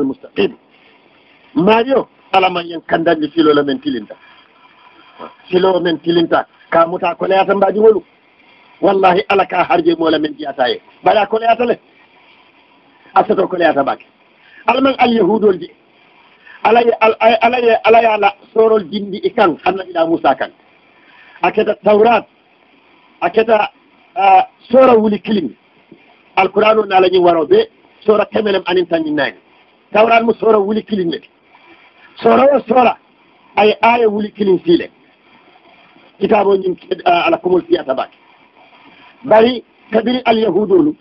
المستقيم mario alama yen kandanji filo la men tilinta filo men tilinta ka muta ko leata mbaji wolu wallahi ala ka harje mo la men jiyata ye bada ko leata le asato ko leata bak alman al yahudol ji ala ala ala ya la sorol jindi e kan annabi da musa kan aketa tawrat aketa sora wuli kilimi alqur'anu na la ni warobe sora kemelem anin tan ni nani sawranmo soora wuli kilin nedi soora o soora aye aaya wuli kilin siile kitabe eh, oñin ala komol fiyata baake bari kabiri alyahudolu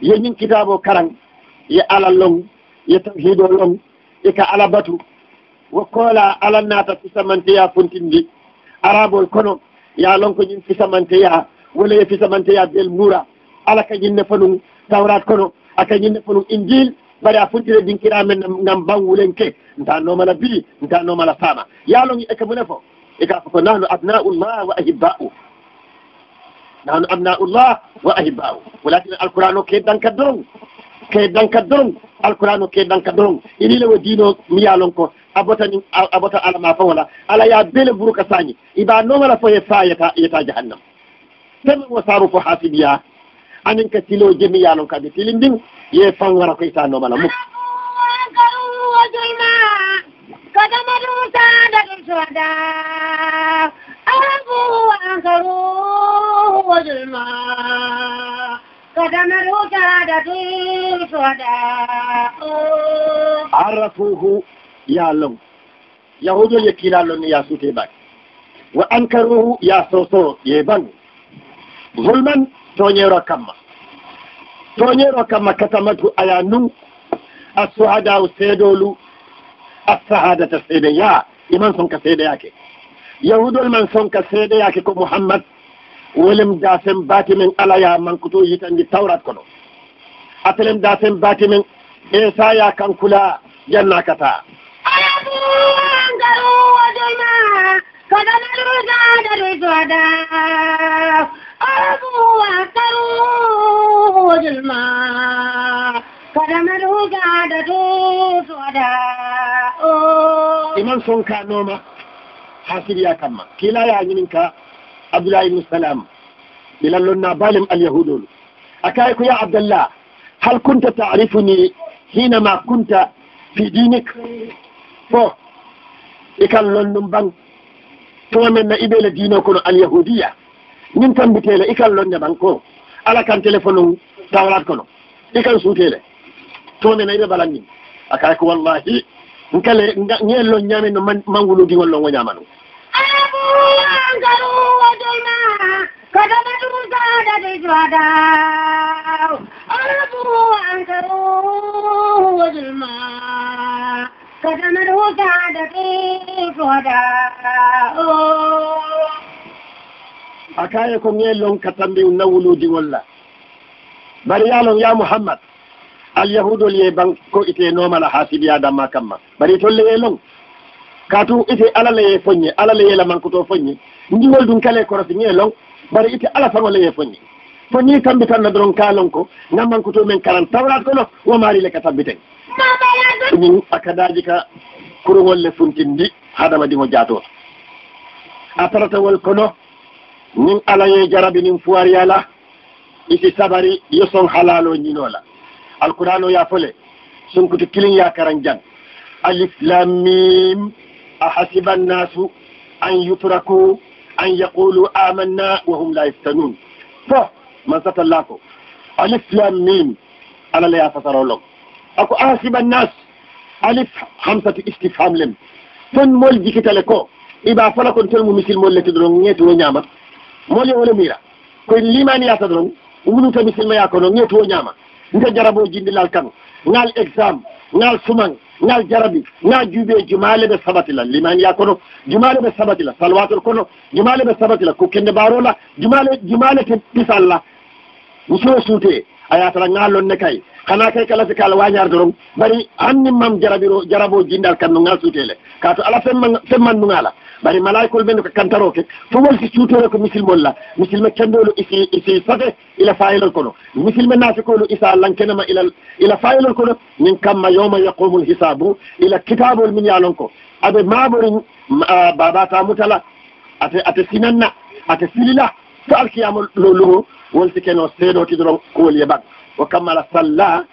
yeñin kitabe o karan ye ala long ye tawhido long e ka ala batu wo koola ala naata fisamanteya fontindi arabol kono ya lonko ñin fisamanteya wala ye fisamanteya bel muura ala kañinne fanum tawrat kono akañinne fanum injile bari a fuɗɗire dinkira men ngam bangulen ke ntanomala bili ntanomala faama yaalogi eke mune fo eka foko nanu abnaullah wa ahibba u nanu abnaullah wa ahibba u walatina alqouran o keddanka dorong keddanka dorong alqouran o keddanka dorong ililewo diino mi yalon ko a botani a bota alama fo wala ala ya bele buruka sañi iba nomala fo he fa yeta yeta jahannam temen wo saru fo hasibiya anin ka silo jemi yalon kadi tili ndin ye fangara ko ita nomala mu arafuhu ya lon yahudio ye kila lon ya suute bak wa ankaruhu ya soso ye ban volman toñero kamma soñero kam makkatamatu aya ndun a suhada u seedolu a sahadata seedeya iman sonka seedeyake yahudol man sonka seedeyake ko muhammad welem dasen bati men alaya mankuto yitandi tawrat kono apelem dasen bati men esaya kankula jannakata ayabuangaruwaduma kadamaru sadatu suada abuwan يخرج الماء فثمره سوداء إمام سونكا نوما حاسب يا كما كلا يا ينكا عبد الله بن سلام إلى لنا بالم اليهود أكايك يا عبد الله هل كنت تعرفني حينما كنت في دينك فو إكال لنن بان تومن men na اليهودية diino kono al yahudiya بانكو على كان man dawrat kono i kan suutele tonde na ire balanni a kayko wallahi nkale ñeello ñaame no mangulugiwol longo ñaamanu abuangaruwadolna kadamatusaadadiswada abuangaruwadolma kadamatusaadadiswada a kayeko ñeellon katambiw nawuludiwolla bari yaalon ya mouhammad alyahudol ye ban ko ite nomala ha sibi adama kamma bari tolleye lon ka tu ite alalaye foñe alalaye lamankoto foñe ndiwol ɗum kale korosiñe lon bari ite ala tan olaye foñe foñi tambitan na doron kalon ko ngammankoto men karan tawrat kono womarile ka tambiten min akadaji ka kurogol le funtindi hadama ɗi o jatoto a taratawol kono nin alaye jarabi nin fowariyala isi sabari yo son halalo ñinola alquran o yaafole sonkuti kilin yakaran jan aliflamim ahasiba annasu an yutraku an yaqulu amanna wahum la yftanun fo man satallako aliflamim alala ya fasaro long ako ahasiba annas alif hamsatu istifham lem ton mol jikitale ko iba fala kon tolmu misil mol lettiɗo ɗon ŋeeti wo ñamat mol yowole mira koy limani yata ɗo ɗon umunu tami simma yako noon ñeetu o ñaama nde jarabo e jindilal kan ngal exam ngal sumang ngal jarabi nga juuɓee jumale ɓe sabatila limani ya kono jumale ɓe sabatila salwatol kono jumale ɓe sabatila ko kende baarola jumale jumale te ɓisalla mi soo suutee a yatara ngalonne kay xana kay kala si kaala wañar dorong bari hanni mam jaraɓiro jarabo jindal kam no ngal sutele kato ala femma femmandungala bari malaikol ɓe no kantaroke fo wonsi cuutore ko misil molla misil me kendolo isi isi sote ila fayilol kono misil me nasikolo isa lankenema ila ila fayilol kono min kamma yowma yaqumu lhisabu ila kitabol min yalon ko aɓe maɓori baba tamutala ate ate sinanna ate filila fo alkiyama lo lumo wonsi keno seeɗo tiɗono kowoli e bag o kammala salla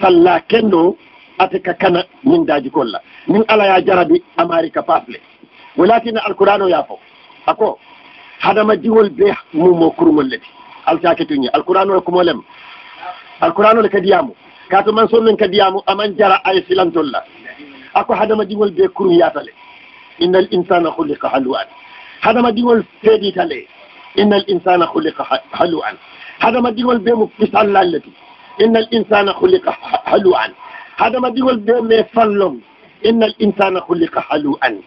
salla kenɗo ateka kana min daji kolla min alaya jarabi amarika pafle o laatino alqouran o yaafo ako hadama diwol be mumo kurgol leti alsake tuñi alqouran o e kumolem alqouran ole kadiyamu kato man somin kadiyamu aman jara aye silantolla ako hadama diwol be kurum yaatale innal insana huliqa haluwan hadama diwol feeditalee إن الإنسان خلق هلوعا هذا ما ديقول بيمو مثال لالتي إن الإنسان خلق هلوعا هذا ما ديقول بيمو فلم إن الإنسان خلق هلوعا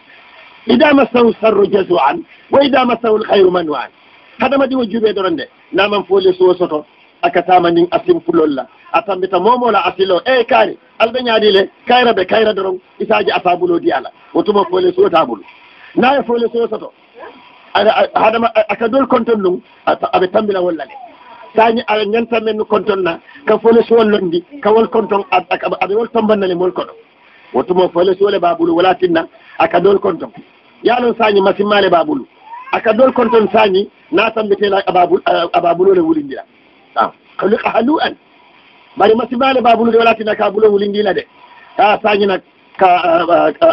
إذا سو سر جزوعا وإذا سو الخير منوعا هذا ما ديقول جوبي درنده نامن فولي سوسطو akatama nin asim fulolla atambita momola asilo e kari alɓe ñaadile kayra ɓe kayra doron isaji ata bulo di ala سو تابلو sotabulu naye سو sosoto haɗama aka dol konton non aɓe tambina wolla le sani aɓe ñanta men kontonna ka folos wollondi ka wol konton aɓe wol tombanna le mol koɗo wottumo folos wole babulu wola tinna aka dol konton yaalon sani masimmale babulu aka dol konton sani natambeten ababulole wulindira ahalu an mbari masimmale babulu de wala tinna ka bulo wulindila de a sañina ka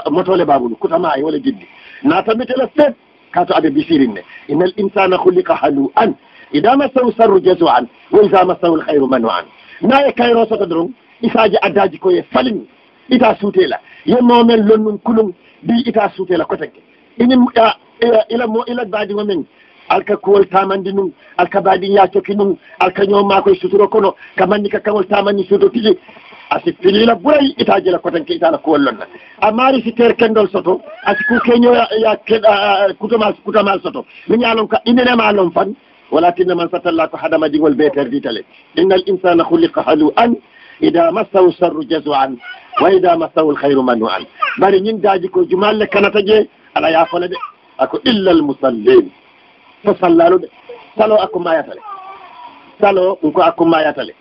motole babulu kutama ay wole jiddi natambetela set kato aɓe bisirinne inal insana hulika halu an ida massahu sarru jaso an wa ida massahu lhayru manu an naye kayro soto doron isaji addaji koye falimi ita suutela yemomen lonnum kulum bi ita suutela kotegge inin ila mo ila baadi mo men alka kuwol tamandi num alka baadi yacoki num alka ñoomakoye sutoro kono ka manni ka kaŋol tamandi suto tiji asi filila ɓuray itaji la kotanke itala kowallonna a maari si ter kendol soto asi ku keñoya ya kutoma si kutama soto mi ñalon ka inenema lon fan walakinna man satalla ko hadama jingol be terditale inna l insana hulika halu an ida massahu sarru jaso an wa ida massahu l hayru manu an bari ñin daji ko jumalle kanata je ala yafole de ako illa l musallin fo sallalude salo akko mayatale salo ko akko mayatale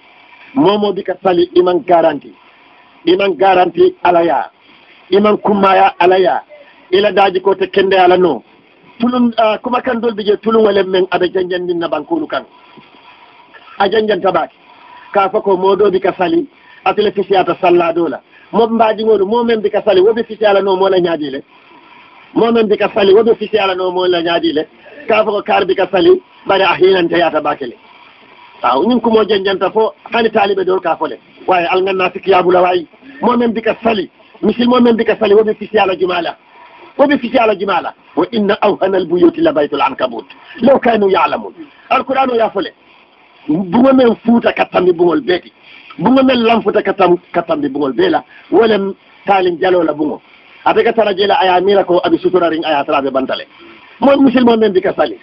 momodi ka sali iman garanti iman garanti alaya iman kummaya alaya ila daji ko te kende ala no tulum uh, kuma kan dolbi je tulumwalen men aɓe janjandin nabankulu kan a janjanta baki ka fo ko modoɓi ka sali atele fisiyata salladola moɓe mbajigolu momen bi ka sali woɓe fisi ala no mola ñaadile momen bi ka sali woɓe fisi ala no mola ñaadile ka fo ko kar bi ka sali ɓare a hinanteyata bakele aw ah, ñing ko mo janjanta fo kali talibe dor ka fole waye al nganna fi kiyabu la wayi mo men dika sali misil mo men dika sali wobe fi siyala jumala wobe fi siyala jumala wa inna awhana al la baytul ankabut law kanu ya'lamun al qur'anu ya fole bungo men fuuta kattambi bungol beeti bungo men lamfuta kattam kattambi bungol beela wolem taalim jalola bungo aɓe ka tara jeela aya mira ko sutura ring aya tara aɓe bantale mo misilmo men bika sali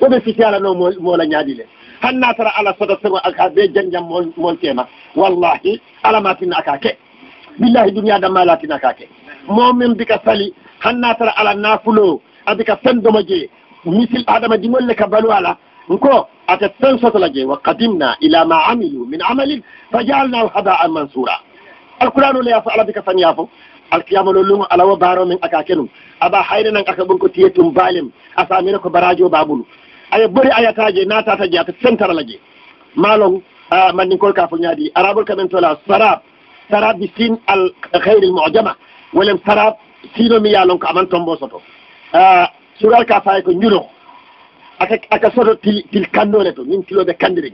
wo fiti ala no la ñaaɗi le هنا ترى على صدر سر أكاذي جنيا مول والله على ما تنا بالله دنيا دم لا تنا كاكي مؤمن بك سالي هنا ترى على نافلو أبيك سندو مجي مثل آدم جمل لك بلو على نكو أتتسن سطلجي وقدمنا إلى ما عملوا من عمل فجعلنا الحداء منصورا القرآن لا يفعل بك فنيافو القيام لولو على وبارو من أكاكنو أبا حيرنا أكبنكو تيتم بالم أسامينكو براجو بابلو aya bori ayataje natata jeya to centre lagge malon mandinkol ka fo ñaadi araɓol kamen tola sarab sarab bi sine al heyre l mojama walem sarab sino mi yalon ko aman tombo soto sugal ka faye ko ñuro aka aka soto til til kandore to min tiloɓe kandiri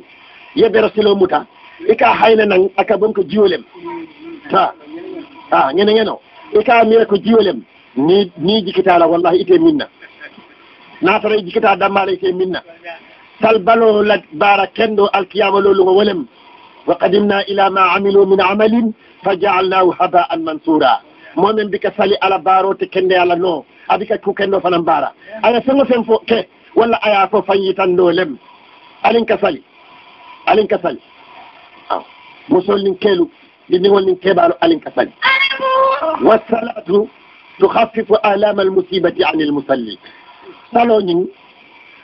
yebbero silo muta ika e hayna nan aka bon ko jiwolem ta a ñene ñeno ika e mira ko jiwolem ni ni jikitala wallahi ite minna ناصري جكتا دمالي سي منا سالبالو لبارا كندو الكيام لولو ولم وقدمنا إلى ما عملوا من عمل فجعلناه هباء منصورا مومن بك سالي على بارو تكندي على نو أبيك كو كندو فنان بارا أنا سنو سنفو كي ولا أيافو فنيتان دو لم ألين كسالي ألين كسالي آه. مسولين كيلو لنهو لن كبارو ألين كسالي والصلاة تخفف آلام المصيبة عن المصلي salo ñin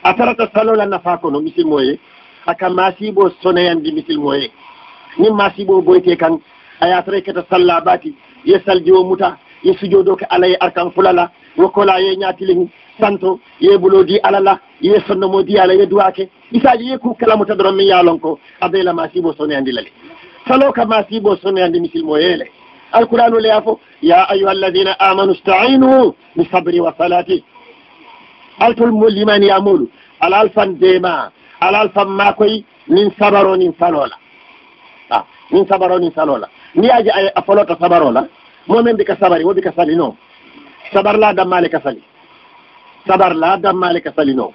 a farata salo la nafa kono misilmo ye haka masibo soneyandi misilmo ye min masibo boyte kan a yatara e keta salla baati ye saldio muta ye sujodo ke alaye arkan fulala wokkola ye ñatilihi santo ye bulodi ala la ye sonnomo di ala ye duwake isaji ye ku kalamuta doron min yalon ko abeyla masibo soneyandi lale salo ka masibo soneyandi misilmo yele alqouranu leya fo ya ayuha alladina amanu stainu bisabri wa salati altol limani yamolu ala alfan dema ala alfan ma koye nin sabaro nin salola a ah, nin sabaro nin salola ni aji a folota sabarola momen bika sabari wobika sali no sabar la dammale ka sali sabar la dammale ka sali no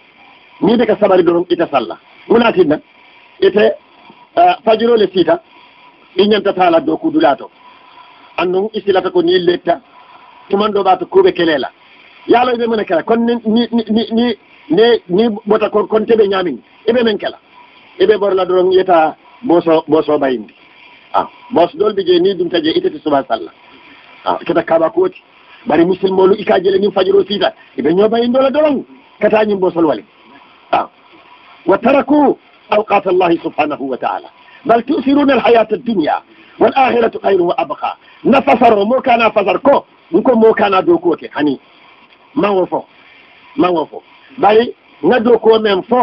ni bika sabari donon ita salla munatinna ite eh, fajirole sita iñanta talat do kudulato annon isilata ko ni letta tuman ɗo ɓa to kuɓe kelela yaalo eɓe mumen e kala kon ni ni ni ni ɓota kon teɓe ñamin eɓe men kala eɓe ɓorla ɗoon yiyata boso boso bayindi a ah, boso ɗolɓe jee ni ɗum taje itete subahanallah ah, a kata kaba kooti ɓari musilme olu ikajele nin fajiro siita eɓe ñobayindola ɗoon katañin bosol wale a ah. wa taraku awqate allahi subhanahu wa taala bal tusiruna alhayate addunia wal ahiratu hayrum wa abka nafasaro mo kana fasar ko ɗum ko mo kana dow koote hani mango fo mango fo ɓari ngado komen fo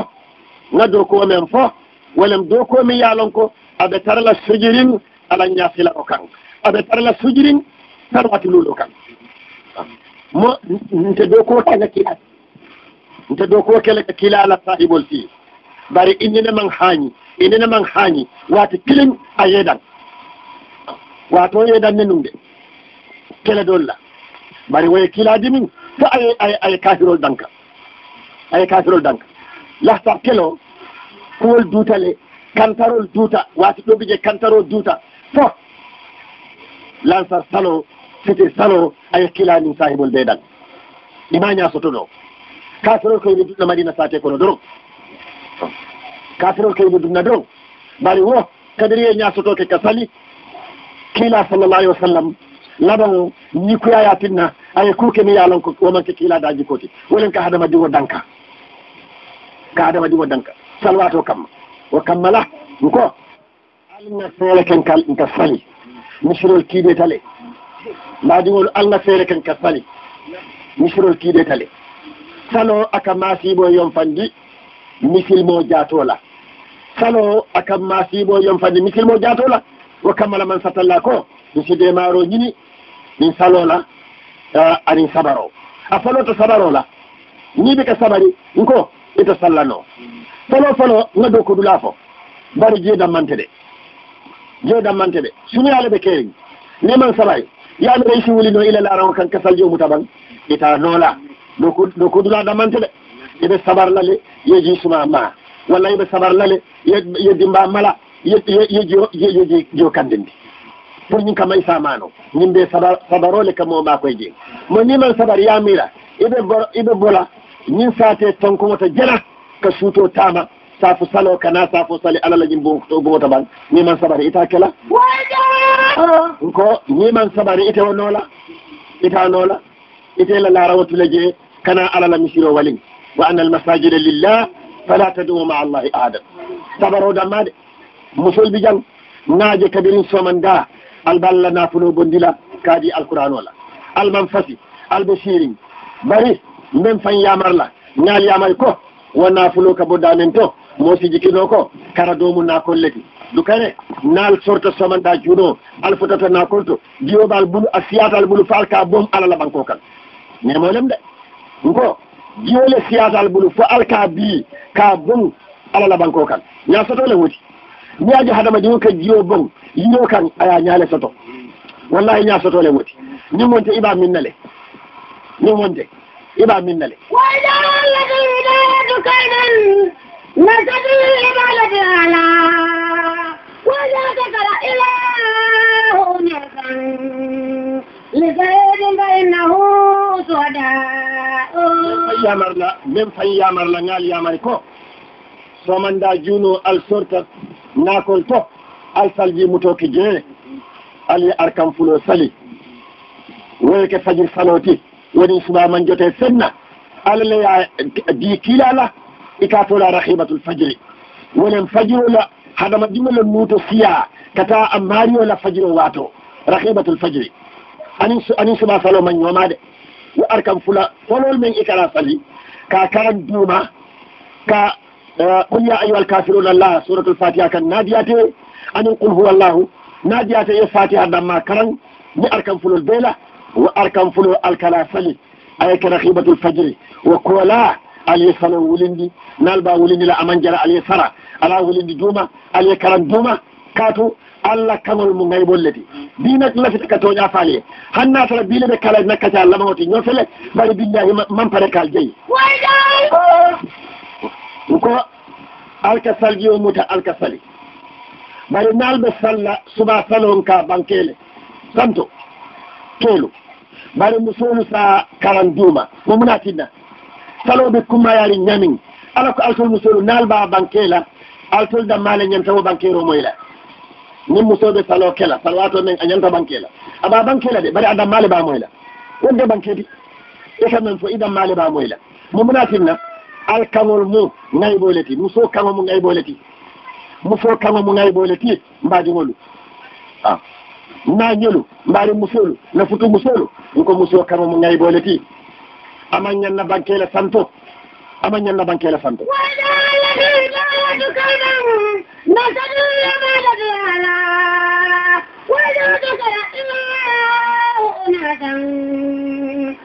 ngado komen fo walem dow komi yalonko aɓe tarala sujirin ala ñasila o kan aɓe tarala sujirin tarwati lulo kan mo nte dow kokele kila nte dow kokele ke kila ala sahibol fi bari innene man haañi innene man haañi wati kilin a yeedan wato yeedan ne num de kele dolla bari woye kilaji min fa aye aye aye kafirol danka aye kafirol danka lahtartel o kowol duutale kantarol duuta waati ɗoɓije kantaro duuta fo lansar salo cité salo aye kilani sahibol deydal ɗima ñasoto ɗo kafirol koyni duɗɗo madina sate kono doro kafirol koyni duɗna doro bari wo kadariye ñasotoke ka sali kiila sallallah alih wa sallam laɗon ñikuyaya pinna aya kuukeni yalonko womanke kiiladaji koti wolen ka hadama diwo danka ka hadama diwo danka salwato kamma o kamma la nko alna feere ken ka nka sali misirol kiide tale mbadiol alna feere ken ka sali misirol kiide tale salo aka masibo yomfandi misilmo jatola salo aka masibo yomfandi misilmo jatola o kammala man satalla ko mi sidde maro ñini min salola anin sabaro a fano to sabarola ñiɓe ka sabari nko ito sallano fano fano na dow kodula fo bari jee dammante ɗe jee dammante ɗe sumi ala ɓe keeri neman sabari yaami reysi wulino ila laaran kan kasal jomu taban ita noola dow kodula dammante ɗe yeɓe sabar lale yeji suma ma walla yeɓe sabar lale yedi mba mala yeji yo kandindi pour ñin kamay samano ñin de sadarole kamo mako jin mo niman sadar yamira ɓe iɓe bola ñin sate tonkogoto jena ka suuto tama safo salo kana safo sali alala ñin bogoto ban niman sabar ita kela ko niman sabar ite onoola ita noola itela larawotule je kana alala misiro walin wa anna almasajida lillah fala tadumu ma allahi ahada sabaro damma de musolɓi jang naje kadirin somanda alballa nafunogo ndila kaadi alquran ola alman fasi albe sirin bari men fan yamarla ñal yamay ko wo nafulo ka bo damen to mosiji kino ko kara domu nakolleti dukane nal sorto somanɗa juuno alfotata nakolto jiwoɓal bulu a siyatal bulu fa alka bom alalaɓanko kan nemolem de ko jiwole siyatal bulu fo alka bi ka bom alalaɓanko kan ñasotole woti ni aji hadamadio ka jiyo bom yiro kan aya ñaale soto wallahi ña sotole woti ñin wonte iɓa minnale ñin wonte iɓa minnale yamarla min fan yaamarna ngaal yamari ko somanda juno alsorta naakon to alsalji mutoki je ali arkam fulo sali woyeke fajir fanoti woni suba man jote senna alaleya di kilala ikatola rahimatul fajiri wonen fajirola hadama dimolo nuuto siya kata a mariola fajiro wato rahimatul fajiri anin anin suba salo ma ñomade arkam fula folol men ikara sali ka karan duuma ka آه، قل يا أيها الكافرون الله سورة الفاتحة كان نادياتي أن يقول هو الله نادياتي الفاتحة لما كرن لأركن فلو البيلة وأركم فلو الكلافلي أي كرخيبة الفجر وكولا عليه سنة ولندي نالبا ولندي لا أمانجر عليه سرى على ولندي دوما علي كرن دوما كاتو allah kamol mo ngaybolleti binak lafita ka toña faali han natara biile ɓe kala nakkata allah mawti ñofele mbaɗi billahi mampare kal jeeyi wayda suko alkasal yomuta alkasali mbaɗe nalɓe salla suba salon ka bankele santo keelo mbaɗe musolu sa karan duma momunatinna saloɓe kummayari ñamin ala ko altol musolu nalba bankela altol dammale ñantawo bankero moyla min musoɓe salo kela salwato men a ñanta bankela aɓa bankela de mbaɗe a dammale ba moyla wonde bankedi e kam men fo i dammale ba moyla momunatinna alkaŋol mum mu mum fof kaŋo mum ŋayɓoyleti mo fof kaŋo mo ŋayɓoyleti ah na nañolu mbaari musolu nafutu musolu ɗum ko muso mu mo ŋayɓoyleti ama ñanna bankele santo ama ñanna bankele santo وجودك لا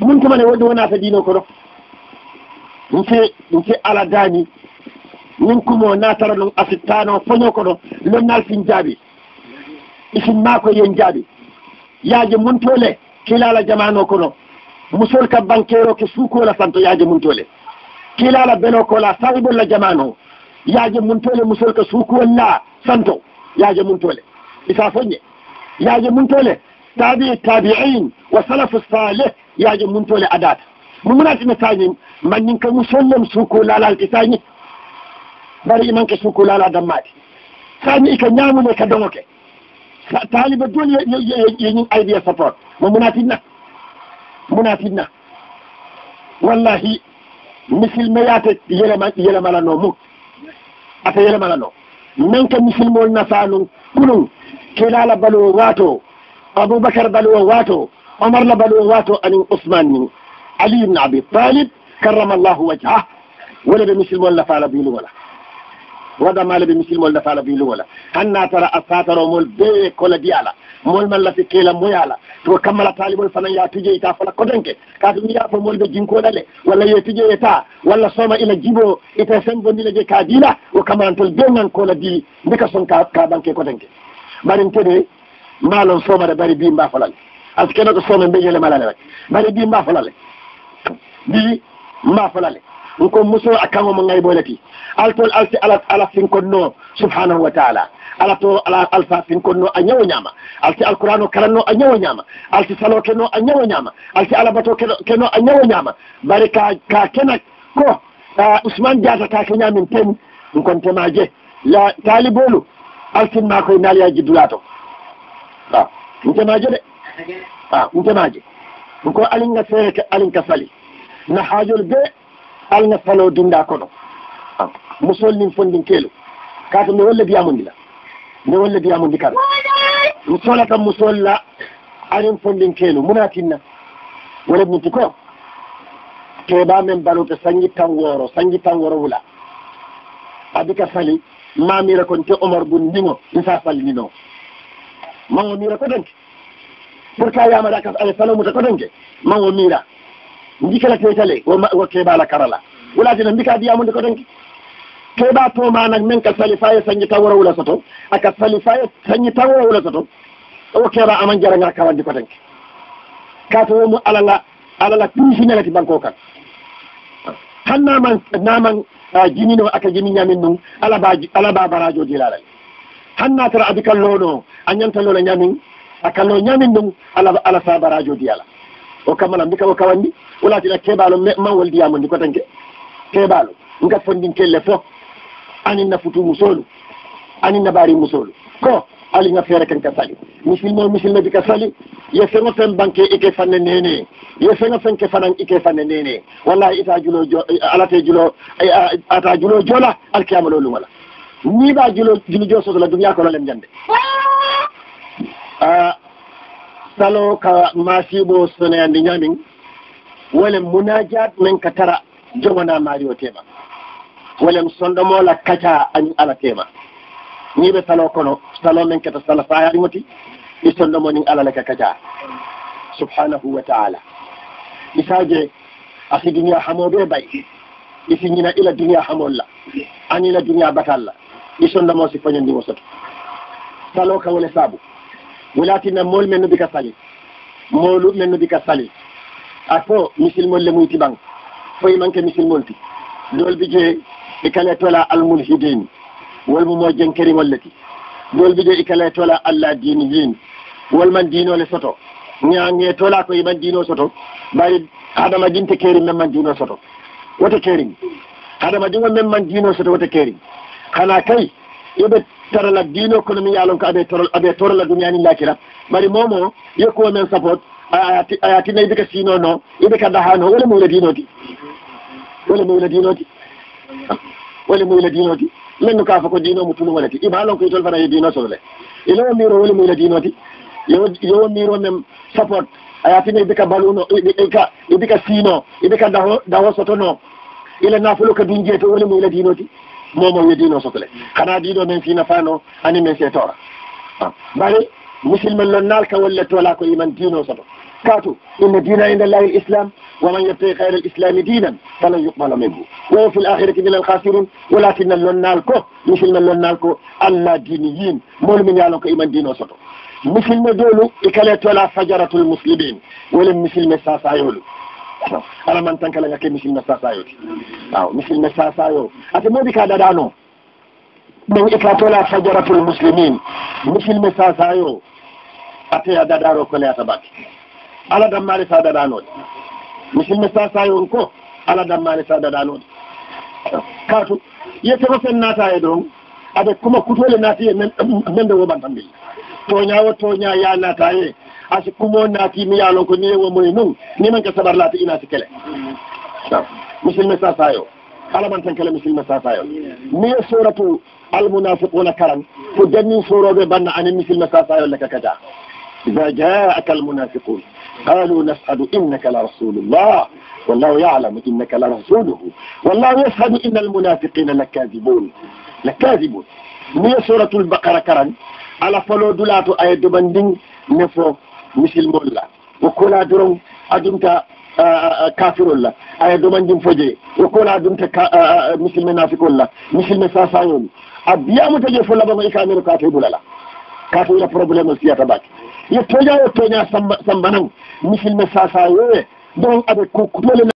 muntumane wonde wonata ɗino koɗo ɗum fe ɗum fe ala dani min kumo natara non asid tano poño koɗo lonnal fin jaaɓi isin mako yen jaaɓi yaaje muntole kilala jamano kono musol ka banqueir o ke suukola santo yaaje muntole kilala belo kola sawibolla jamano yaaje muntole musol ka suukolla santo yaaje muntole isa foñe yaaje muntole taabi taabi'in wa salafu saleh yaajo muntole adat mu munatina saañi mbanndin kam mu sollom suku laalalke saañi bari imanke e suku laala dammaati saañi ika e ñaamune ka dogoke taalibe dol yeñin aidia e support mo munatinna munatinna wallahi misil me yaate yelema yelemala no mu ata yelemala no min ka misilmol nasanu ɓunu ke laala balowo waato aboubacar balowo waatoo omar labal o wato anin ousmane min ali ibne abi talib karrama llahu wajha wolaɓe musilmo la fala bilu wala waɗamaleɓe musilmo la fala bilu wala hanna tara a sataromol bee kola diyala mol malla si keela moyala to kammala talibol fanan ya tujeyta fala kodenke kato mi yafo molɓe jinkoɗale walla ye tujeyeta walla sooma ila jibo ita sembodila je ka diila o kamarantol beengan kola di ndeka son ka banke kodenke ɓarin teɗe maalon soomare bari bimba falal askene ko soome mbeñele mala le wa mbaɗe mbi mbafola le mbi mbafola le ko muso a kango mo ngay boyleti altol alti ala ala finkonno subhanahu wa taala ala to ala alpha finkonno a ñawo ñama alti alquran o karanno a ñawo ñama alti salo keno a ñawo ñama alti alabato keno a ñawo ñama bare ka ka kena ko ousmane diatatake ñamin ten kon tema je la taliboolu altinma koye naaliya jiddulaato waw ntema je de a ah, ɓutanaje ɓoko alinga feereke alinka fali na haajol be alga falo dinda kono ah, musol nin fondin keelo kaata mi wolle biyamundi la mi wolle biyamundi kan mi solata musol la anin fondin keelo munatinna walebniti ko keeɓa men balute sangi tan wooro sangi tan woro wula adika fali mamira kon te omar bu ndigo isa fallinino mawo mira ko donke pour qua yamaɗa ka ala fanomuta kotonke mawo miira ndikala tetale wo keɓala karala wulatina mbika diyamude kotonke keɓa tomanak men ka sali faye sañi tawora wula soto aka sali faye sañi tawora wula soto wo keɓa aman jaranga kawandi kotonke kato womu alala alala pisinagati banko kan han naman naman jinino aka jini ñamin nun alaba alaba barajo dilalale han natara abi kallono a ñantalona ñamin hakkalno ñamin ɗum ala ala sabarajo di ala o kamala mbi kabo kawandi wulatiɗa keɓalo mawol diyamo ndi ko tanke keɓalo ngat fondin kelle fo aninna futu musolu aninna ɓari musolu ko aliga feere kanka sali musilme o musilme bika sali ye sego fen banque ike fanne nene ye sego fenke fanan ike fanne nene wallahi ita julo alate julo ata julo joola alkiyama lo lugola niɓa julo julo jo sotola duniya kolo lem jande a ɗalo ka masibo sonayande ñamin wolem munajat men ka tara jogona maari o tema wolem sonɗomola kaca amin ala tema ñiɓe salo kono salo men keta sala sa yaɗimoti i sonɗomonin alalaka kaca subhanahu wa taala isaje asi duniat hamoɓe bay isiñina ila duniat hamol la anila duniat batal la i sonɗomo si fañondimo soto salo ka wole saabou wulatinna mool men nubika sali moolu men nubika sali a fo misilmol le muy tiɓang fo i manque misilmol ti dool bi jee i kale tola almulhidin wolmu moo jenkerimol le ti dool bi jee i kale tola allah diniyin wolman diinole soto ñaange tola ko iman diino soto bari hadama dinte keeri men man diino soto wote keerin hadama dingo men man diino soto wote keerin xana kay yoɓet tarala diino kono mi yaalon ko aɓe torol aɓe torala duniyani lakira mari momo yokkuwo men support aya tinna iɓe ka sinono iɓe ka dahano wala muyla dinoti wala muyla dinoti wala muyla dinoti lenno kafa ko dino mutunu wonati ima lon koye tol fana yo dino solo le ilowo miro wala muyla dinoti yowo miro men support aya tinna iɓe ka baluno ka iɓe ka sino iɓe ka daho daho sotono ila nafulo ka dunjeeto wala muyla dinoti momo wedino sotole kana di do men fi na fano ani men se tora bari lon nal ka wala to la ko iman dino soto katu inna dina inda wa man waman khair al islam dinan falan yuqbal minhu wa fi al akhirati min al khasirin walakin lon nal ko musilmen lon nal ko allah diniyin min yalon ko iman dino soto musilme dolu ikale to la fajaratul muslimin wala wolen sa sayulu araman tan kala gake misilme sasayoti aw misilme sasayo ate modi ka daɗano min ikatola fajaratul muslimin misilme sasayo ate a daɗaro kole atabake ala dammare sa daɗanoɗe misilme sasayon ko ala dammare sa daɗanoɗe kaatu yeteo sen naata e ɗon ade kuma kutole naati e men de woɓan tan billa toñawo toña ya naataye asi kumo naati mi yaalon ko ni wo moy nun ni man ka sabar laati ina si kele musilme sa sayo kala man tan kala musilme sa sayo ni suratu al munafiquna karan ko janni sorobe banna ani musilme sa sayo laka kada إذا جاءك المنافقون قالوا نشهد إنك لرسول الله والله يعلم إنك لرسوله والله يشهد إن المنافقين لكاذبون لكاذبون من سورة البقرة كرن على فلو دولاتو أي دبندين نفو musilmolla wokkola doron adumta kafirolla aya domandin fojee wokkola adumta musilme nafikolla musilme sasaol a biyamuta je fo labama ikamino e kate ɓulala kate ɓula probléme o siyata bake yettoña yettoña sambanan musilme sasa yoye don aɓe kokkutole